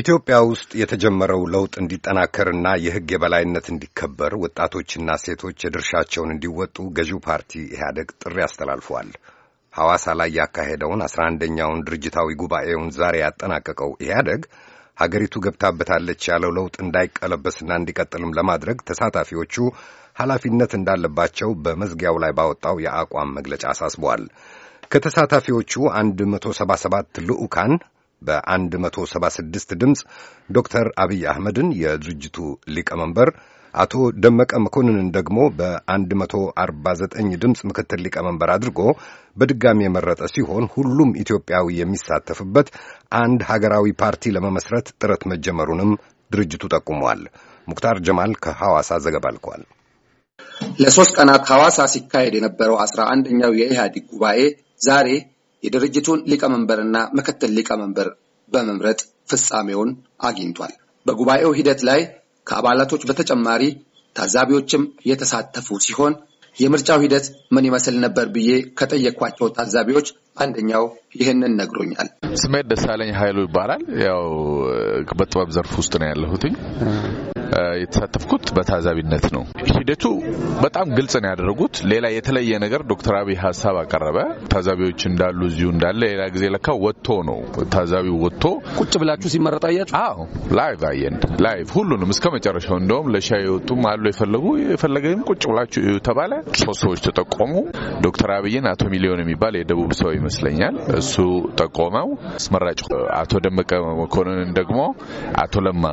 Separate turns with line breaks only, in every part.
ኢትዮጵያ ውስጥ የተጀመረው ለውጥ እንዲጠናከርና የሕግ የበላይነት እንዲከበር ወጣቶችና ሴቶች የድርሻቸውን እንዲወጡ ገዢው ፓርቲ ኢህአደግ ጥሪ አስተላልፏል። ሐዋሳ ላይ ያካሄደውን አስራ አንደኛውን ድርጅታዊ ጉባኤውን ዛሬ ያጠናቀቀው ኢህአደግ ሀገሪቱ ገብታበታለች ያለው ለውጥ እንዳይቀለበስና እንዲቀጥልም ለማድረግ ተሳታፊዎቹ ኃላፊነት እንዳለባቸው በመዝጊያው ላይ ባወጣው የአቋም መግለጫ አሳስበዋል። ከተሳታፊዎቹ 177 ልዑካን በ176 ድምፅ ዶክተር አብይ አህመድን የድርጅቱ ሊቀመንበር አቶ ደመቀ መኮንንን ደግሞ በ149 ድምፅ ምክትል ሊቀመንበር አድርጎ በድጋሚ የመረጠ ሲሆን ሁሉም ኢትዮጵያዊ የሚሳተፍበት አንድ ሀገራዊ ፓርቲ ለመመስረት ጥረት መጀመሩንም ድርጅቱ ጠቁሟል። ሙክታር ጀማል ከሐዋሳ ዘገባ ልከዋል። ለሶስት ቀናት ሐዋሳ ሲካሄድ የነበረው አስራ አንደኛው የኢህአዴግ ጉባኤ ዛሬ የድርጅቱን ሊቀመንበርና ምክትል ሊቀመንበር በመምረጥ ፍጻሜውን አግኝቷል። በጉባኤው ሂደት ላይ ከአባላቶች በተጨማሪ ታዛቢዎችም የተሳተፉ ሲሆን የምርጫው ሂደት ምን ይመስል ነበር ብዬ ከጠየኳቸው ታዛቢዎች አንደኛው ይህንን ነግሮኛል። ስሜት ደሳለኝ ኃይሉ ይባላል። ያው በጥበብ ዘርፍ ውስጥ ነው ያለሁትኝ የተሳተፍኩት በታዛቢነት ነው። ሂደቱ በጣም ግልጽ ነው ያደረጉት። ሌላ የተለየ ነገር ዶክተር አብይ ሀሳብ አቀረበ። ታዛቢዎች እንዳሉ እዚሁ እንዳለ ሌላ ጊዜ ለካ ወጥቶ ነው ታዛቢው ወጥቶ ቁጭ ብላችሁ ሲመረጥ አያችሁ። አዎ ላይቭ አየን፣ ላይቭ ሁሉንም እስከ መጨረሻው። እንደውም ለሻይ የወጡም አሉ የፈለጉ የፈለገም ቁጭ ብላችሁ እዩ ተባለ። ሶስት ሰዎች ተጠቆሙ። ዶክተር አብይን አቶ ሚሊዮን የሚባል የደቡብ ሰው ይመስለኛል እሱ ጠቆመው አስመራጭ አቶ ደመቀ መኮንንን ደግሞ አቶ ለማ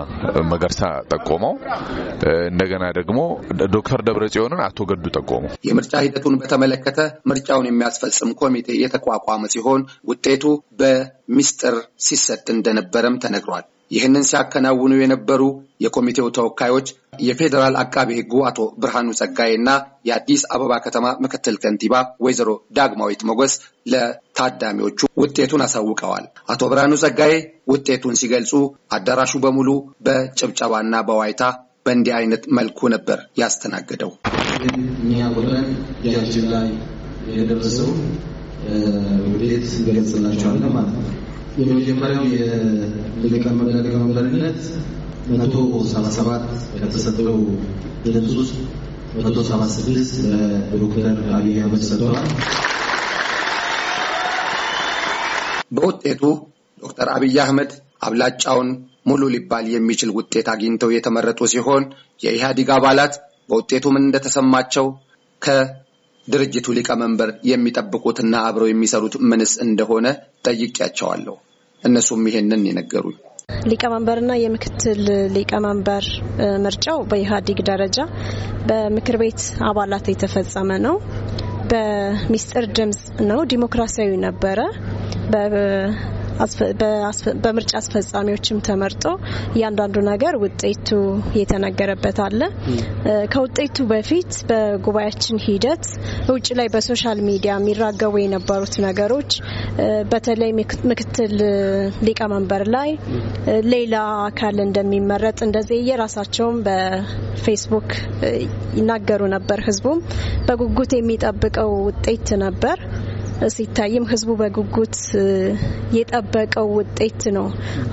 መገርሳ ጠቆመ። ጠቆመው። እንደገና ደግሞ ዶክተር ደብረ ጽዮንን አቶ ገዱ ጠቆሙ። የምርጫ ሂደቱን በተመለከተ ምርጫውን የሚያስፈጽም ኮሚቴ የተቋቋመ ሲሆን ውጤቱ በሚስጥር ሲሰጥ እንደነበረም ተነግሯል። ይህንን ሲያከናውኑ የነበሩ የኮሚቴው ተወካዮች የፌዴራል አቃቤ ሕጉ አቶ ብርሃኑ ጸጋዬ እና የአዲስ አበባ ከተማ ምክትል ከንቲባ ወይዘሮ ዳግማዊት ሞገስ ለታዳሚዎቹ ውጤቱን አሳውቀዋል። አቶ ብርሃኑ ጸጋዬ ውጤቱን ሲገልጹ አዳራሹ በሙሉ በጭብጨባና በዋይታ በእንዲህ አይነት መልኩ ነበር ያስተናገደው። የሚያቆለን ያችን ላይ የደረሰው ውጤት ገለጽላቸዋለን ማለት ነው የመጀመሪያው የሊቀ መምህርነት መቶ ሰባ ሰባት ከተሰጠው ድምፅ ውስጥ መቶ ሰባ ስድስት ለዶክተር አብይ አህመድ ሰጥተዋል። በውጤቱ ዶክተር አብይ አህመድ አብላጫውን ሙሉ ሊባል የሚችል ውጤት አግኝተው የተመረጡ ሲሆን የኢህአዲግ አባላት በውጤቱ ምን እንደተሰማቸው ከ ድርጅቱ ሊቀመንበር የሚጠብቁትና አብረው የሚሰሩት ምንስ እንደሆነ ጠይቄያቸዋለሁ። እነሱም ይሄንን የነገሩኝ ሊቀመንበርና የምክትል ሊቀመንበር ምርጫው በኢህአዴግ ደረጃ በምክር ቤት አባላት የተፈጸመ ነው። በሚስጥር ድምጽ ነው። ዲሞክራሲያዊ ነበረ። በምርጫ አስፈጻሚዎችም ተመርጦ እያንዳንዱ ነገር ውጤቱ የተነገረበት አለ። ከውጤቱ በፊት በጉባኤያችን ሂደት ውጭ ላይ በሶሻል ሚዲያ የሚራገቡ የነበሩት ነገሮች በተለይ ምክትል ሊቀመንበር ላይ ሌላ አካል እንደሚመረጥ እንደዚህ የራሳቸውም በፌስቡክ ይናገሩ ነበር። ህዝቡም በጉጉት የሚጠብቀው ውጤት ነበር። ሲታይም ህዝቡ በጉጉት የጠበቀው ውጤት ነው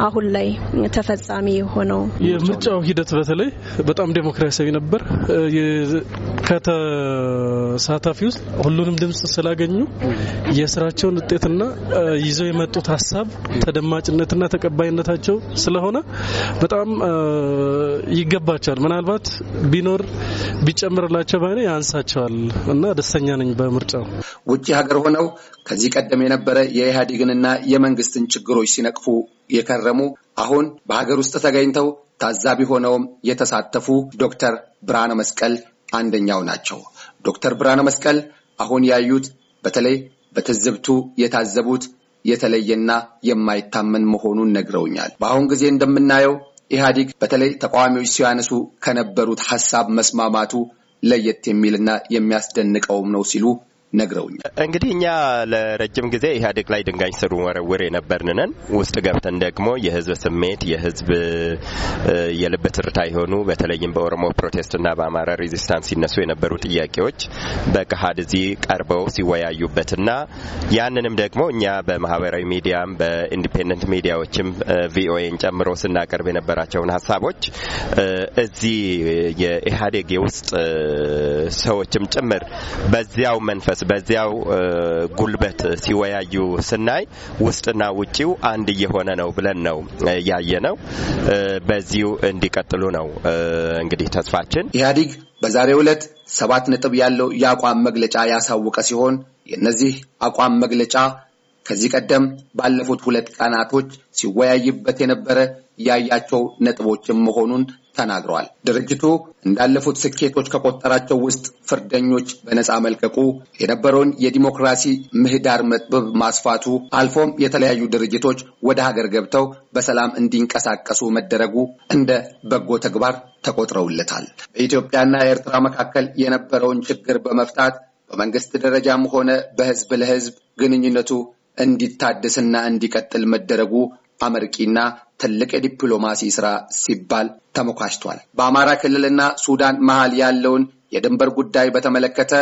አሁን ላይ ተፈጻሚ የሆነው። የምርጫው ሂደት በተለይ በጣም ዴሞክራሲያዊ ነበር። ከተሳታፊ ውስጥ ሁሉንም ድምፅ ስላገኙ የስራቸውን ውጤትና ይዘው የመጡት ሀሳብ ተደማጭነትና ተቀባይነታቸው ስለሆነ በጣም ይገባቸዋል። ምናልባት ቢኖር ቢጨምርላቸው ባይነ ያንሳቸዋል እና ደስተኛ ነኝ በምርጫው። ውጭ ሀገር ሆነው ከዚህ ቀደም የነበረ የኢህአዴግንና የመንግስትን ችግሮች ሲነቅፉ የከረሙ አሁን በሀገር ውስጥ ተገኝተው ታዛቢ ሆነውም የተሳተፉ ዶክተር ብርሃነ መስቀል አንደኛው ናቸው። ዶክተር ብርሃነ መስቀል አሁን ያዩት በተለይ በትዝብቱ የታዘቡት የተለየና የማይታመን መሆኑን ነግረውኛል። በአሁን ጊዜ እንደምናየው ኢህአዲግ በተለይ ተቃዋሚዎች ሲያነሱ ከነበሩት ሐሳብ መስማማቱ ለየት የሚልና የሚያስደንቀውም ነው ሲሉ ነግረውኛል። እንግዲህ እኛ ለረጅም ጊዜ ኢህአዴግ ላይ ድንጋይ ስሩ ወረውር የነበርንነን ውስጥ ገብተን ደግሞ የህዝብ ስሜት የህዝብ የልብ ትርታ የሆኑ በተለይም በኦሮሞ ፕሮቴስትና በአማራ ሬዚስታንስ ሲነሱ የነበሩ ጥያቄዎች በገሀድ እዚህ ቀርበው ሲወያዩበትና ያንንም ደግሞ እኛ በማህበራዊ ሚዲያም በኢንዲፔንደንት ሚዲያዎችም ቪኦኤን ጨምሮ ስናቀርብ የነበራቸውን ሀሳቦች እዚህ የኢህአዴግ የውስጥ ሰዎችም ጭምር በዚያው መንፈስ በዚያው ጉልበት ሲወያዩ ስናይ ውስጥና ውጪው አንድ እየሆነ ነው ብለን ነው ያየ ነው። በዚሁ እንዲቀጥሉ ነው እንግዲህ ተስፋችን። ኢህአዲግ በዛሬው ዕለት ሰባት ነጥብ ያለው የአቋም መግለጫ ያሳወቀ ሲሆን የእነዚህ አቋም መግለጫ ከዚህ ቀደም ባለፉት ሁለት ቀናቶች ሲወያይበት የነበረ ያያቸው ነጥቦችም መሆኑን ተናግረዋል። ድርጅቱ እንዳለፉት ስኬቶች ከቆጠራቸው ውስጥ ፍርደኞች በነፃ መልቀቁ፣ የነበረውን የዲሞክራሲ ምህዳር መጥበብ ማስፋቱ፣ አልፎም የተለያዩ ድርጅቶች ወደ ሀገር ገብተው በሰላም እንዲንቀሳቀሱ መደረጉ እንደ በጎ ተግባር ተቆጥረውለታል። በኢትዮጵያና ኤርትራ መካከል የነበረውን ችግር በመፍታት በመንግስት ደረጃም ሆነ በህዝብ ለህዝብ ግንኙነቱ እንዲታደስና እንዲቀጥል መደረጉ አመርቂና ትልቅ የዲፕሎማሲ ስራ ሲባል ተሞካሽቷል። በአማራ ክልልና ሱዳን መሃል ያለውን የድንበር ጉዳይ በተመለከተ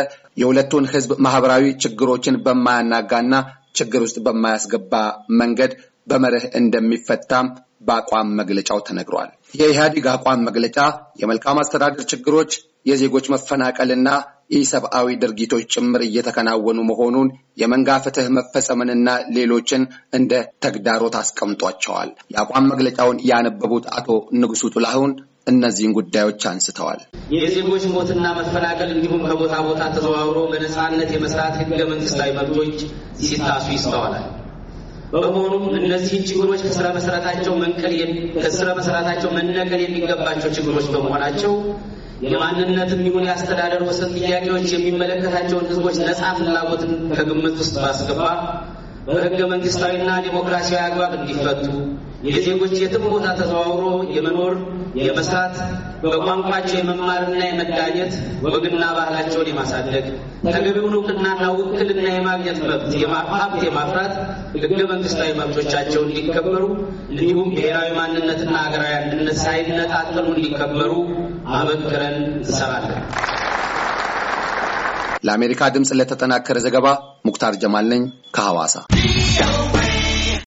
የሁለቱን ህዝብ ማህበራዊ ችግሮችን በማያናጋና ችግር ውስጥ በማያስገባ መንገድ በመርህ እንደሚፈታም በአቋም መግለጫው ተነግሯል። የኢህአዲግ አቋም መግለጫ የመልካም አስተዳደር ችግሮች፣ የዜጎች መፈናቀልና ኢሰብአዊ ድርጊቶች ጭምር እየተከናወኑ መሆኑን የመንጋ ፍትህ መፈጸምንና ሌሎችን እንደ ተግዳሮት አስቀምጧቸዋል። የአቋም መግለጫውን ያነበቡት አቶ ንጉሱ ጥላሁን እነዚህን ጉዳዮች አንስተዋል። የዜጎች ሞትና መፈናቀል እንዲሁም ከቦታ ቦታ ተዘዋውሮ በነፃነት የመስራት ህገ መንግስታዊ መብቶች ሲታሱ ይስተዋላል። በመሆኑም እነዚህ ችግሮች ከስራ መሰረታቸው መነቀል የሚገባቸው ችግሮች በመሆናቸው የማንነትም ይሁን የአስተዳደር ወሰን ጥያቄዎች የሚመለከታቸውን ህዝቦች ነጻ ፍላጎትን ከግምት ውስጥ ማስገባ በህገ መንግስታዊና ዴሞክራሲያዊ አግባብ እንዲፈቱ የዜጎች የትም ቦታ ተዘዋውሮ የመኖር የመስራት
በቋንቋቸው የመማርና የመዳኘት
ወግና ባህላቸውን የማሳደግ ተገቢውን እውቅናና ውክልና የማግኘት መብት ሀብት የማፍራት ህገ መንግስታዊ መብቶቻቸው እንዲከበሩ እንዲሁም ብሔራዊ ማንነትና ሀገራዊ አንድነት ሳይነጣጠሉ እንዲከበሩ አበክረን እንሰራለን። ለአሜሪካ ድምፅ ለተጠናከረ ዘገባ ሙክታር ጀማል ነኝ ከሐዋሳ።